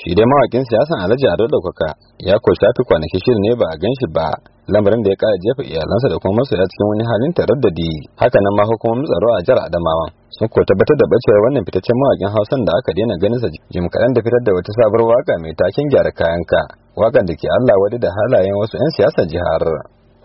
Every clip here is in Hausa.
shi dai mawakin siyasan alhaji ado daukaka ya ko shafi kwanaki shirin ne ba a ganshi ba lamarin da ya kara jefa iyalansa da kuma masoya cikin wani halin taraddadi hakanan ma hukumomin tsaro a jihar adamawa sun ko tabbatar da bacewar wannan fitaccen mawakin hausan da aka daina ganinsa jim kaɗan da fitar da wata sabuwar waka mai taken gyara kayan ka wakan da ke allah wadi da halayen wasu 'yan siyasar jihar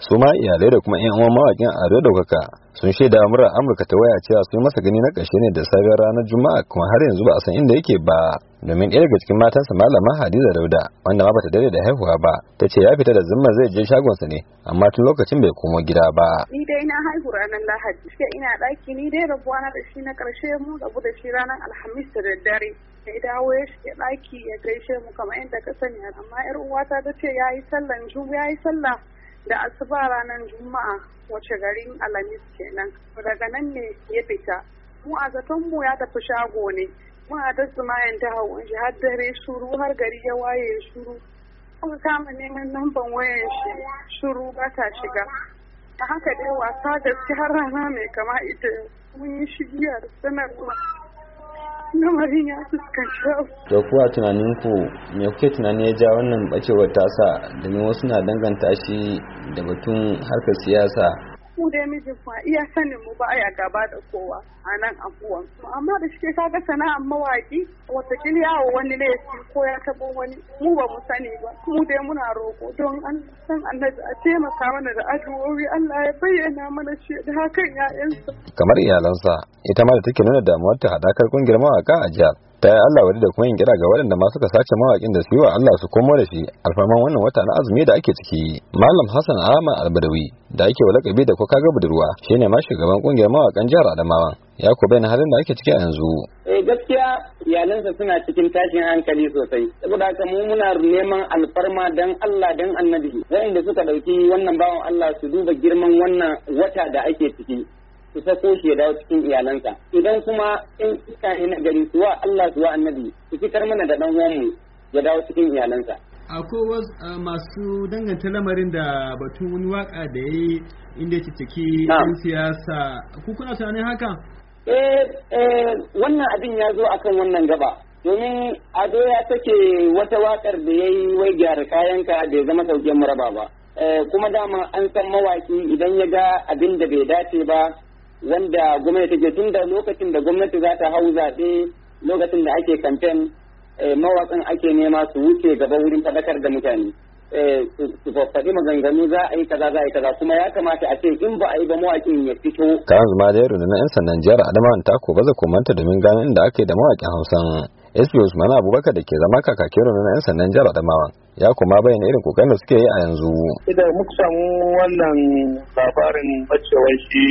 su ma iyalai da kuma 'yan uwan mawakin ado daukaka sun shaida murar amurka ta waya cewa sun masa gani na ƙarshe ne da sabon ranar juma'a kuma har yanzu ba a san inda yake ba domin ɗaya daga cikin matansa malama hadiza dauda wanda ma bata dare da haihuwa ba ta ce ya fita da zimma zai je shagonsa ne amma tun lokacin bai komo gida ba ni dai na haihu ranar lahadi sai ina ɗaki ni dai rabuwa na da shi na ƙarshe mu rabu da shi ranar alhamis da daddare ya dawo ya shiga ɗaki ya gaishe mu kamar yadda ka sani amma 'yar uwata ta ce ya yi sallan juma'a ya yi sallah da asuba ranar juma'a wace garin alamis kenan daga nan ne ya fita mu a zaton mu ya tafi shago ne mu a dasu mayan ta hau. shi har dare shuru har gari ya waye shuru muka kama neman namban wayan shi shuru ba ta shiga a haka dai wasa gaske har rana mai kama ita mun yi shigiyar sanarwa lamarin ya to kuwa tunanin ku me kuke tunani ya ja wannan bacewar tasa domin wasu na danganta shi da batun harkar siyasa mu da mijin kuma iya sanin mu ba ya gaba da kowa a nan abuwan amma da shi ka ga sana'ar mawaki watakila yawo wani laifi ko ya tabo wani mu ba mu sani ba mu dai muna roko don an san annabi a taimaka mana da addu'o'i Allah ya bayyana mana shi da hakan ya'yansa kamar iyalansa ita ma da take nuna damuwar ta hadakar kungiyar mawaka a jihar ta yi Allah wadi da kuma yin kira ga waɗanda ma suka sace mawaƙin da su yi wa Allah su komo da shi alfarman wannan wata na azumi da ake ciki malam Hassan Ahmad Albadawi da ake wa lakabi da kuka ga budurwa shine ma shugaban kungiyar mawakan jihar Adamawa ya ku bayyana halin da ake ciki a yanzu eh gaskiya iyalansa suna cikin tashin hankali sosai saboda haka mu muna neman alfarma dan Allah dan annabi wanda suka dauki wannan bawan Allah su duba girman wannan wata da ake ciki su sako shi ya dawo cikin iyalansa idan kuma in iska ne na gari suwa Allah suwa wa annabi su fitar mana da dan mu ya dawo cikin iyalansa akwai masu danganta lamarin da batun wani waka da ya yi inda ya ciki yan siyasa Kukuna kuna tunanin haka eh, eh wannan abin ya zo akan wannan gaba domin ado ya take wata wakar da ya yi wai gyara kayanka da ya zama sauƙin maraba ba eh, kuma dama an san mawaki idan ya ga abin da bai dace ba wanda gwamnati take tun da lokacin da gwamnati za ta hau zaɓe lokacin da ake kamfen Eh, mawakan ake nema su wuce gaba wurin faɗakar da mutane eh, su faɗi maganganu za a yi kaza za a yi kaza kuma ya kamata a ce in ba a yi ba mawakin ya fito. Karan zuma da yaro na 'yan sandan jihar Adamawa ta ko baza komanta domin ganin da ake da mawakin Hausan. SP Usman Abubakar da ke zama kakakin na 'yan sandan jihar Adamawa ya kuma bayyana irin kokarin da suke yi a yanzu. Idan muka samu wannan labarin bacewar shi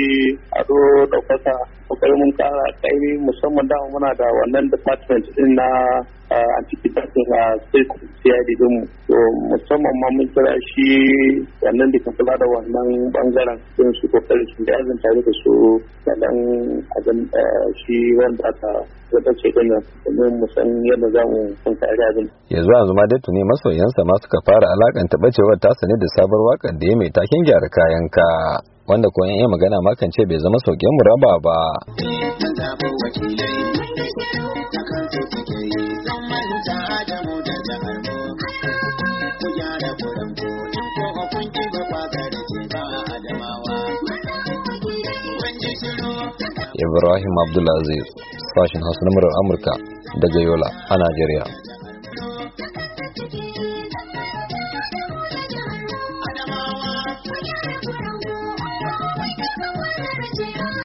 a da kwasa kokarin mun kara kaimi musamman dama muna da wannan department din na antikidatin a state CID din mu. To musamman ma mun kira shi wannan da kula da wannan bangaren din su kokarin su da azan tare da su da dan shi wanda aka ce nan mu san yadda za mu kare Yanzu yanzu ma dattu tuni masoyan mabiyansa ma suka fara alakanta bacewar ta sane da sabar wakar da ya mai taken gyara kayan ka wanda ko yan magana ma kan ce bai zama sauƙin muraba ba Ibrahim Abdulaziz, sashen Hausa na Amurka daga Yola a Najeriya.